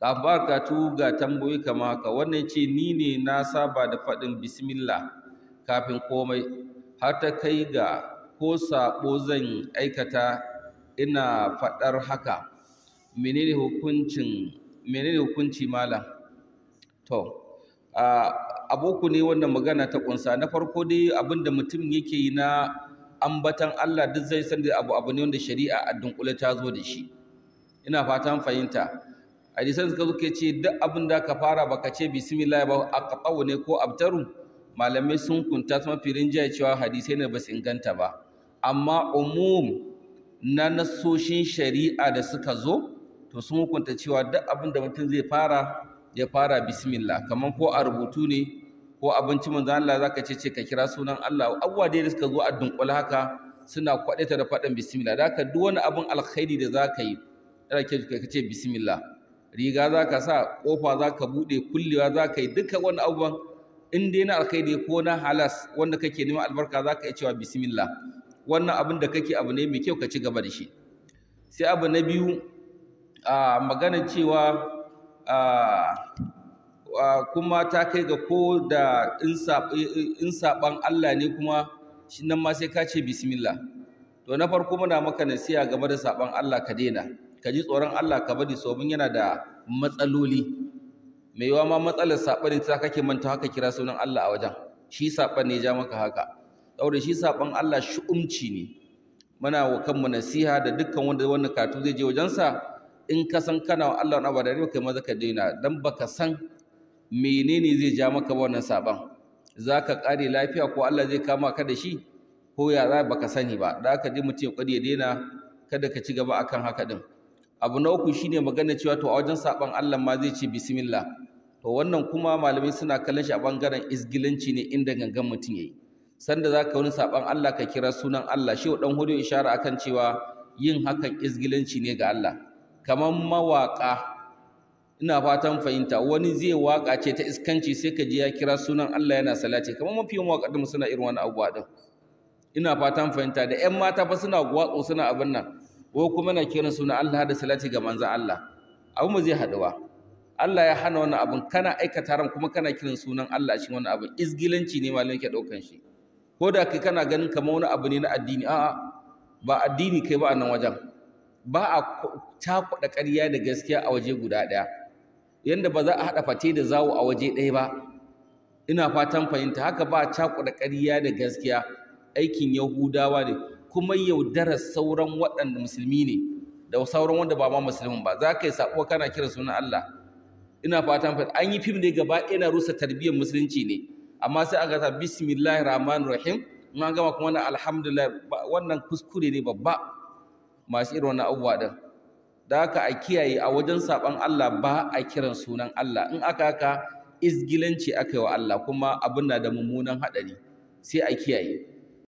ba tu ga tambayoyi kama haka wannan ce ni ne na saba da faɗin bismillah kafin komai har ta kai ga ko sabo zan aikata ina faɗar haka menene hukuncin menene hukunci malam to aboku ne wannan magana ta kunsa na farko dai abinda mutum yake yi na ambatan Allah duk zai san da abu abu ne wanda shari'a a dunkule ta zo da shi ina fatan fahimta hadisan suka zuke ce duk abin da ka fara baka ce bismillah ba a aqtau ne ko abtaru malamai sun kunta su mafi rinjaya cewa hadisai ne ba su inganta ba amma umum na nasoshin shari'a da suka zo to sun hukunta cewa duk abin da mutum zai fara ya fara bismillah kamar ko a rubutu ne ko abinci manzo Allah zaka ce ce ka kira sunan Allah abuwa dai da suka zo a dunkula haka suna kwadaita da faɗan bismillah da ka duk wani abin alkhairi da zaka yi ka ce bismillah riga za ka sa ƙofa za ka buɗe kullewa za ka yi duka wani abubuwan in dai na alkhairi ko na halas wanda kake neman albarka za ka yi cewa bismillah wannan abin da kake abu ne mai kyau ka ci gaba da shi sai abu na biyu a magana cewa kuma ta kai ga ko da in saɓan Allah ne kuma shi nan ma sai ka ce bismillah to na farko muna maka nasiya game da saɓan Allah ka daina ka ji tsoron Allah ka bari sobin yana da matsaloli mai yawa ma matsalar saɓani ta kake manta haka kira sunan Allah a wajen shi saɓan ne ja maka haka saboda shi saɓan Allah shi'umci ne muna wa kanmu nasiha da dukkan wanda wannan katu zai je wajensa in ka san kana wa Allah na ba da kai maza ka daina dan baka san menene zai ja maka wannan saɓan za ka ƙare lafiya ko Allah zai kama ka da shi ko ya za baka sani ba da aka ji mutum ya ya daina kada ka ci gaba akan haka din abu na uku shine magana cewa to a wajen saban Allah ma zai ce bismillah to wannan kuma malamai suna kallon shi a bangaren isgilanci ne inda gangan mutum yayi sanda zaka wani saban Allah ka kira sunan Allah shi dan hudu ishara akan cewa yin hakan isgilanci ne ga Allah kamar mawaka ina fatan fahimta wani zai waka ce ta iskanci sai ka ji ya kira sunan Allah yana salati kamar mafi yawan waƙaɗin suna irin wani abuwa din ina fatan fahimta da ƴan mata fa suna gwatsu suna abin nan ko kuma na kiran sunan Allah da salati ga manzon Allah abu mu zai haduwa Allah ya hana wannan abin kana aikata ran kuma kana kiran sunan Allah shi wannan abin izgilanci ne malamin ke daukan shi ko da kai kana ganin kamar wani abu ne na addini a'a ba addini kai ba a nan wajen ba a cakuɗa ƙarya da gaskiya a waje guda ɗaya yanda ba za a haɗa fate da zawo a waje ɗaya ba ina fatan fahimta haka ba a cakuɗa ƙarya da gaskiya aikin yahudawa ne kuma yaudara sauran waɗanda musulmi ne da sauran wanda ba ma musulmin ba za ka yi saɓuwa kana kira sunan Allah ina fatan fata an yi fim ne gaba ina rusa tarbiyyar musulunci ne amma sai aka ta bismillahir rahmanir rahim in an gama kuma wannan alhamdulillah wannan kuskure ne babba masu irin wannan abubuwa din da haka a kiyaye a wajen saɓan Allah ba a kiran sunan Allah in aka haka izgilanci aka yi wa Allah kuma abin na da mummunan haɗari sai a kiyaye